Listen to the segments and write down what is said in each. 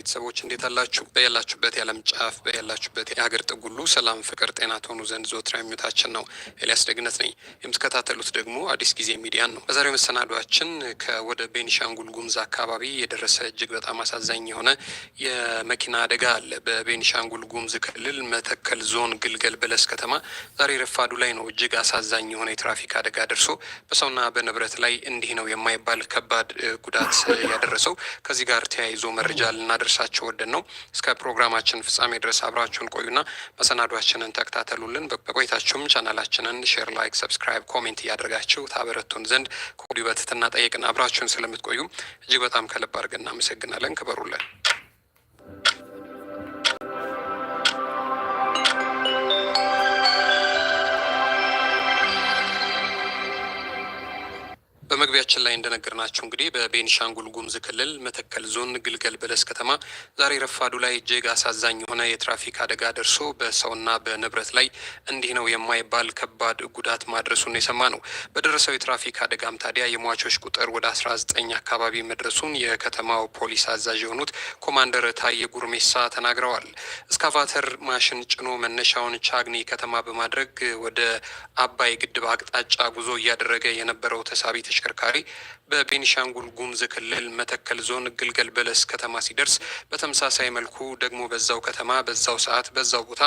ቤተሰቦች እንዴት አላችሁ? በያላችሁበት የዓለም ጫፍ በያላችሁበት የሀገር ጥግ ሁሉ ሰላም፣ ፍቅር፣ ጤና ትሆኑ ዘንድ ዘወትር ምኞታችን ነው። ኤልያስ ደግነት ነኝ። የምትከታተሉት ደግሞ አዲስ ጊዜ ሚዲያን ነው። በዛሬው መሰናዷችን ከወደ ቤኒሻንጉል ጉሙዝ አካባቢ የደረሰ እጅግ በጣም አሳዛኝ የሆነ የመኪና አደጋ አለ። በቤኒሻንጉል ጉሙዝ ክልል መተከል ዞን ግልገል በለስ ከተማ ዛሬ ረፋዱ ላይ ነው እጅግ አሳዛኝ የሆነ የትራፊክ አደጋ ደርሶ በሰውና በንብረት ላይ እንዲህ ነው የማይባል ከባድ ጉዳት ያደረሰው። ከዚህ ጋር ተያይዞ መረጃ ልናደርስ ልናደርሳቸው ወደን ነው። እስከ ፕሮግራማችን ፍጻሜ ድረስ አብራችሁን ቆዩና መሰናዷችንን ተከታተሉልን። በቆይታችሁም ቻናላችንን ሼር፣ ላይክ፣ ሰብስክራይብ፣ ኮሜንት እያደረጋችሁ ታበረቱን ዘንድ ከወዲሁ በትህትና ጠየቅን። አብራችሁን ስለምትቆዩ እጅግ በጣም ከልብ አድርገን እናመሰግናለን። ክበሩልን። መግቢያችን ላይ እንደነገርናችሁ እንግዲህ በቤኒሻንጉል ጉሙዝ ክልል መተከል ዞን ግልገል በለስ ከተማ ዛሬ ረፋዱ ላይ እጅግ አሳዛኝ የሆነ የትራፊክ አደጋ ደርሶ በሰውና በንብረት ላይ እንዲህ ነው የማይባል ከባድ ጉዳት ማድረሱን የሰማ ነው። በደረሰው የትራፊክ አደጋም ታዲያ የሟቾች ቁጥር ወደ 19 አካባቢ መድረሱን የከተማው ፖሊስ አዛዥ የሆኑት ኮማንደር ታየ ጉርሜሳ ተናግረዋል። እስካቫተር ማሽን ጭኖ መነሻውን ቻግኒ ከተማ በማድረግ ወደ አባይ ግድብ አቅጣጫ ጉዞ እያደረገ የነበረው ተሳቢ ተሽከርካሪ ተሽከርካሪ በቤኒሻንጉል ጉምዝ ክልል መተከል ዞን ግልገል በለስ ከተማ ሲደርስ በተመሳሳይ መልኩ ደግሞ በዛው ከተማ በዛው ሰዓት በዛው ቦታ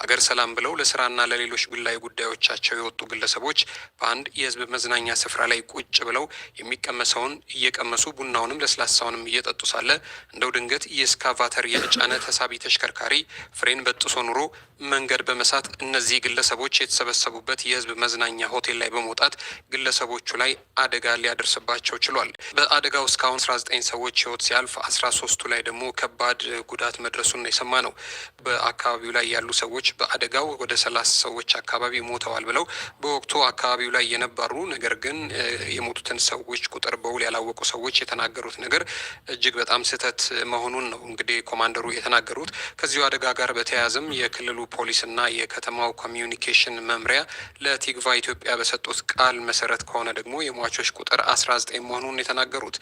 ሀገር ሰላም ብለው ለስራና ለሌሎች ግላዊ ጉዳዮቻቸው የወጡ ግለሰቦች በአንድ የህዝብ መዝናኛ ስፍራ ላይ ቁጭ ብለው የሚቀመሰውን እየቀመሱ ቡናውንም ለስላሳውንም እየጠጡ ሳለ እንደው ድንገት የስካቫተር የጫነ ተሳቢ ተሽከርካሪ ፍሬን በጥሶ ኑሮ መንገድ በመሳት እነዚህ ግለሰቦች የተሰበሰቡበት የህዝብ መዝናኛ ሆቴል ላይ በመውጣት ግለሰቦቹ ላይ አደጋ ሊያደርስባቸው ችሏል። በአደጋው እስካሁን አስራ ዘጠኝ ሰዎች ህይወት ሲያልፍ አስራ ሶስቱ ላይ ደግሞ ከባድ ጉዳት መድረሱን የሰማ ነው። በአካባቢው ላይ ያሉ ሰዎች በአደጋው ወደ ሰላሳ ሰዎች አካባቢ ሞተዋል ብለው በወቅቱ አካባቢው ላይ የነበሩ ነገር ግን የሞቱትን ሰዎች ቁጥር በውል ያላወቁ ሰዎች የተናገሩት ነገር እጅግ በጣም ስህተት መሆኑን ነው እንግዲህ ኮማንደሩ የተናገሩት። ከዚሁ አደጋ ጋር በተያያዘም የክልሉ ፖሊስና የከተማው ኮሚዩኒኬሽን መምሪያ ለቲግቫ ኢትዮጵያ በሰጡት ቃል መሰረት ከሆነ ደግሞ የሟቾች ቁጥር 19 መሆኑን የተናገሩት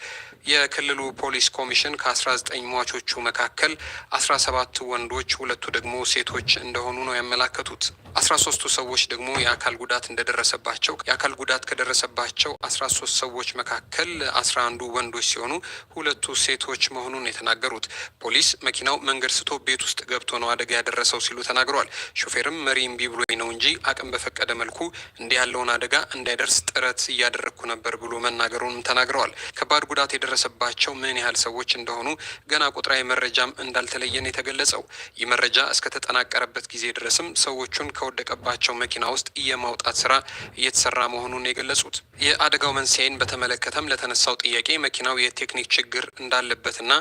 የክልሉ ፖሊስ ኮሚሽን ከ19 ሟቾቹ መካከል 17 ወንዶች፣ ሁለቱ ደግሞ ሴቶች እንደሆኑ ነው ያመላከቱት። 13ቱ ሰዎች ደግሞ የአካል ጉዳት እንደደረሰባቸው የአካል ጉዳት ከደረሰባቸው 13 ሰዎች መካከል 11ዱ ወንዶች ሲሆኑ ሁለቱ ሴቶች መሆኑን የተናገሩት ፖሊስ መኪናው መንገድ ስቶ ቤት ውስጥ ገብቶ ነው አደጋ ያደረሰው ሲሉ ተናግረዋል። ሾፌርም መሪ እምቢ ብሎኝ ነው እንጂ አቅም በፈቀደ መልኩ እንዲህ ያለውን አደጋ እንዳይደርስ ጥረት እያደረግኩ ነበር ብሎ መናገሩንም ተናግረዋል። ከባድ ጉዳት የደረሰባቸው ምን ያህል ሰዎች እንደሆኑ ገና ቁጥራዊ መረጃም እንዳልተለየን የተገለጸው ይህ መረጃ እስከተጠናቀረበት ጊዜ ድረስም ሰዎቹን ከወደቀባቸው መኪና ውስጥ የማውጣት ስራ እየተሰራ መሆኑን የገለጹት የአደጋው መንስኤን በተመለከተም ለተነሳው ጥያቄ መኪናው የቴክኒክ ችግር እንዳለበትና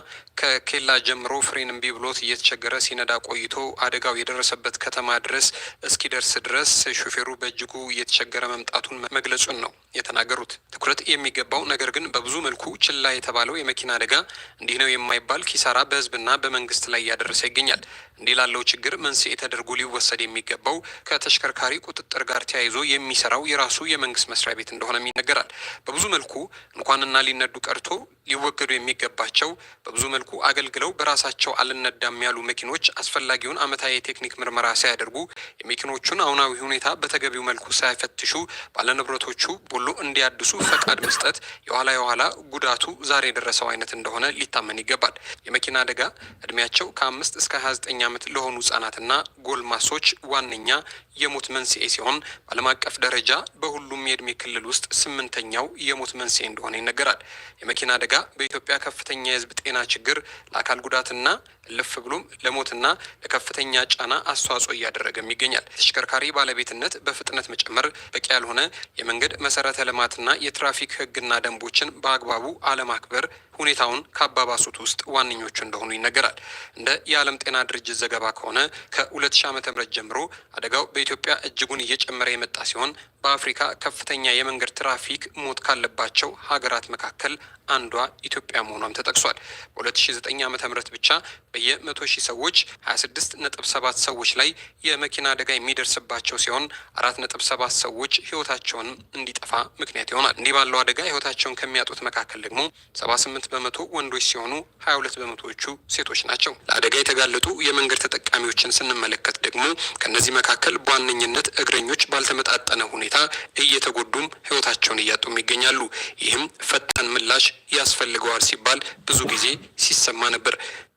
ከኬላ ጀምሮ ፍሬን እምቢ ብሎት እየተቸገረ ሲነዳ ቆይቶ አደጋው የደረሰበት ከተማ ድረስ እስኪደርስ ድረስ ሾፌሩ በእጅጉ እየተቸገረ መምጣቱን መግለጹን ነው የተናገሩት። ትኩረት የሚገባው ነገር ግን በብዙ መልኩ ችላ የተባለው የመኪና አደጋ እንዲህ ነው የማይባል ኪሳራ በህዝብና በመንግስት ላይ እያደረሰ ይገኛል። እንዲህ ላለው ችግር መንስኤ ተደርጎ ሊወሰድ የሚገባው ከተሽከርካሪ ቁጥጥር ጋር ተያይዞ የሚሰራው የራሱ የመንግስት መስሪያ ቤት እንደሆነም ይነገራል። በብዙ መልኩ እንኳንና ሊነዱ ቀርቶ ሊወገዱ የሚገባቸው በብዙ መልኩ መልኩ አገልግለው በራሳቸው አልነዳም ያሉ መኪኖች አስፈላጊውን ዓመታዊ የቴክኒክ ምርመራ ሳያደርጉ የመኪኖቹን አሁናዊ ሁኔታ በተገቢው መልኩ ሳይፈትሹ ባለንብረቶቹ ቦሎ እንዲያድሱ ፈቃድ መስጠት የኋላ የኋላ ጉዳቱ ዛሬ የደረሰው አይነት እንደሆነ ሊታመን ይገባል። የመኪና አደጋ እድሜያቸው ከአምስት እስከ ሀያ ዘጠኝ ዓመት ለሆኑ ህጻናትና ጎልማሶች ዋነኛ የሞት መንስኤ ሲሆን በዓለም አቀፍ ደረጃ በሁሉም የእድሜ ክልል ውስጥ ስምንተኛው የሞት መንስኤ እንደሆነ ይነገራል። የመኪና አደጋ በኢትዮጵያ ከፍተኛ የህዝብ ጤና ችግር ችግር ለአካል ጉዳትና እልፍ ብሎም ለሞትና ለከፍተኛ ጫና አስተዋጽኦ እያደረገም ይገኛል። ተሽከርካሪ ባለቤትነት በፍጥነት መጨመር፣ በቂ ያልሆነ የመንገድ መሰረተ ልማትና የትራፊክ ህግና ደንቦችን በአግባቡ አለማክበር ሁኔታውን ከአባባሱት ውስጥ ዋነኞቹ እንደሆኑ ይነገራል። እንደ የዓለም ጤና ድርጅት ዘገባ ከሆነ ከ2000 ዓ.ም ጀምሮ አደጋው በኢትዮጵያ እጅጉን እየጨመረ የመጣ ሲሆን በአፍሪካ ከፍተኛ የመንገድ ትራፊክ ሞት ካለባቸው ሀገራት መካከል አንዷ ኢትዮጵያ መሆኗም ተጠቅሷል። በ2009 ዓ.ም ብቻ በየ100 ሺህ ሰዎች ሰባት ሰዎች ላይ የመኪና አደጋ የሚደርስባቸው ሲሆን ነጥብ ሰባት ሰዎች ህይወታቸውን እንዲጠፋ ምክንያት ይሆናል። እንዲህ ባለው አደጋ ህይወታቸውን ከሚያጡት መካከል ደግሞ 78 በመቶ ወንዶች ሲሆኑ 22 በመቶዎቹ ሴቶች ናቸው። ለአደጋ የተጋለጡ የመንገድ ተጠቃሚዎችን ስንመለከት ደግሞ ከእነዚህ መካከል በዋነኝነት እግረኞች ባልተመጣጠነ ሁኔታ እየተጎዱም ህይወታቸውን እያጡም ይገኛሉ። ይህም ፈጣን ምላሽ ያስፈልገዋል ሲባል ብዙ ጊዜ ሲሰማ ነበር።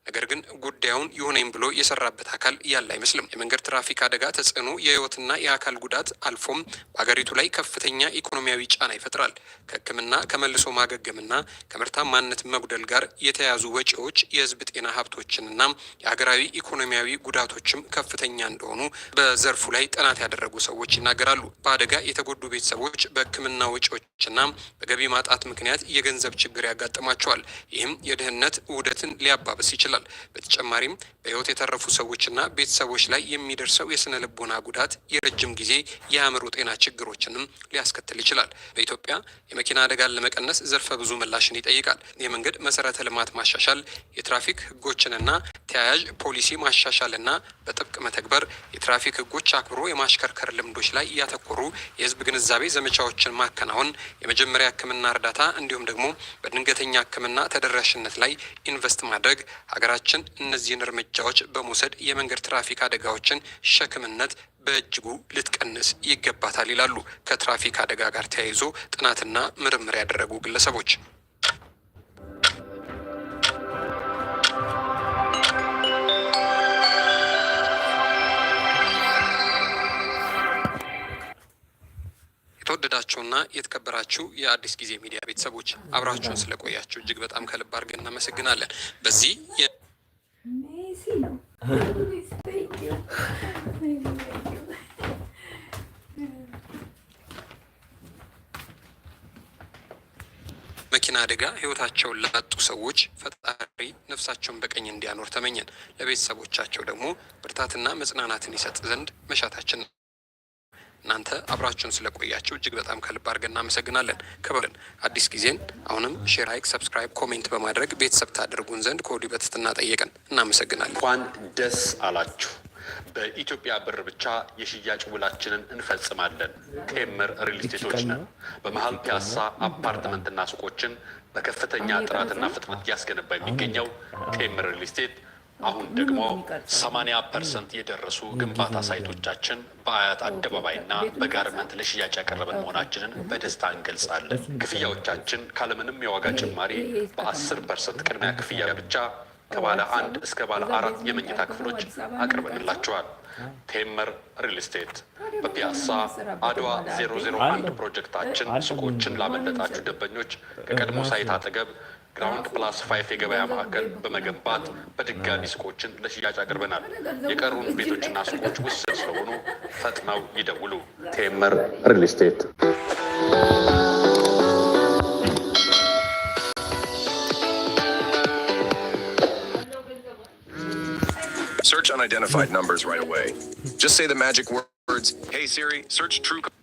ነገር ግን ጉዳዩን ይሁነኝ ብሎ የሰራበት አካል ያለ አይመስልም። የመንገድ ትራፊክ አደጋ ተጽዕኖ የህይወትና የአካል ጉዳት አልፎም በሀገሪቱ ላይ ከፍተኛ ኢኮኖሚያዊ ጫና ይፈጥራል። ከህክምና ከመልሶ ማገገምና ከምርታማነት መጉደል ጋር የተያያዙ ወጪዎች የህዝብ ጤና ሀብቶችንና የሀገራዊ ኢኮኖሚያዊ ጉዳቶችም ከፍተኛ እንደሆኑ በዘርፉ ላይ ጥናት ያደረጉ ሰዎች ይናገራሉ። በአደጋ የተጎዱ ቤተሰቦች በህክምና ወጪዎችና በገቢ ማጣት ምክንያት የገንዘብ ችግር ያጋጥማቸዋል። ይህም የድህነት ውህደትን ሊያባብስ ይችላል። ተብሏል። በተጨማሪም በህይወት የተረፉ ሰዎችና ቤተሰቦች ላይ የሚደርሰው የስነ ልቦና ጉዳት የረጅም ጊዜ የአእምሮ ጤና ችግሮችንም ሊያስከትል ይችላል። በኢትዮጵያ የመኪና አደጋን ለመቀነስ ዘርፈ ብዙ ምላሽን ይጠይቃል። የመንገድ መሰረተ ልማት ማሻሻል፣ የትራፊክ ህጎችንና ተያያዥ ፖሊሲ ማሻሻልና በጥብቅ መተግበር የትራፊክ ህጎች አክብሮ የማሽከርከር ልምዶች ላይ እያተኮሩ የህዝብ ግንዛቤ ዘመቻዎችን ማከናወን፣ የመጀመሪያ ህክምና እርዳታ እንዲሁም ደግሞ በድንገተኛ ህክምና ተደራሽነት ላይ ኢንቨስት ማድረግ ሀገራችን እነዚህን እርምጃዎች በመውሰድ የመንገድ ትራፊክ አደጋዎችን ሸክምነት በእጅጉ ልትቀንስ ይገባታል ይላሉ ከትራፊክ አደጋ ጋር ተያይዞ ጥናትና ምርምር ያደረጉ ግለሰቦች። የተወደዳችሁና የተከበራችሁ የአዲስ ጊዜ ሚዲያ ቤተሰቦች አብራችሁን ስለቆያችሁ እጅግ በጣም ከልብ አድርገን እናመሰግናለን። በዚህ መኪና አደጋ ህይወታቸውን ላጡ ሰዎች ፈጣሪ ነፍሳቸውን በቀኝ እንዲያኖር ተመኘን። ለቤተሰቦቻቸው ደግሞ ብርታትና መጽናናትን ይሰጥ ዘንድ መሻታችን ነው። እናንተ አብራችሁን ስለቆያችሁ እጅግ በጣም ከልብ አድርገን እናመሰግናለን። ክብርን አዲስ ጊዜን አሁንም ሼር፣ ላይክ፣ ሰብስክራይብ፣ ኮሜንት በማድረግ ቤተሰብ ታደርጉን ዘንድ ከወዲሁ በትህትና ጠየቅን። እናመሰግናለን። እንኳን ደስ አላችሁ። በኢትዮጵያ ብር ብቻ የሽያጭ ውላችንን እንፈጽማለን። ቴምር ሪልስቴቶች ነን። በመሀል ፒያሳ አፓርትመንትና ሱቆችን በከፍተኛ ጥራትና ፍጥነት እያስገነባ የሚገኘው ቴምር ሪልስቴት አሁን ደግሞ 80 ፐርሰንት የደረሱ ግንባታ ሳይቶቻችን በአያት አደባባይና በጋርመንት ለሽያጭ ያቀረበን መሆናችንን በደስታ እንገልጻለን። ክፍያዎቻችን ካለምንም የዋጋ ጭማሪ በ10 ፐርሰንት ቅድሚያ ክፍያ ብቻ ከባለ አንድ እስከ ባለ አራት የመኝታ ክፍሎች አቅርበንላቸዋል። ቴምር ሪል ስቴት በፒያሳ አድዋ 001 ፕሮጀክታችን ሱቆችን ላመለጣችሁ ደንበኞች ከቀድሞ ሳይት አጠገብ ግራውንድ ፕላስ ፋይፍ የገበያ ማዕከል በመገንባት በድጋሚ ሱቆችን ለሽያጭ አቅርበናል። የቀሩን ቤቶችና ሱቆች ውስን ስለሆኑ ፈጥነው ይደውሉ። ቴምር ሪል ስቴት Search unidentified numbers right away. Just say the magic words, hey Siri, search True.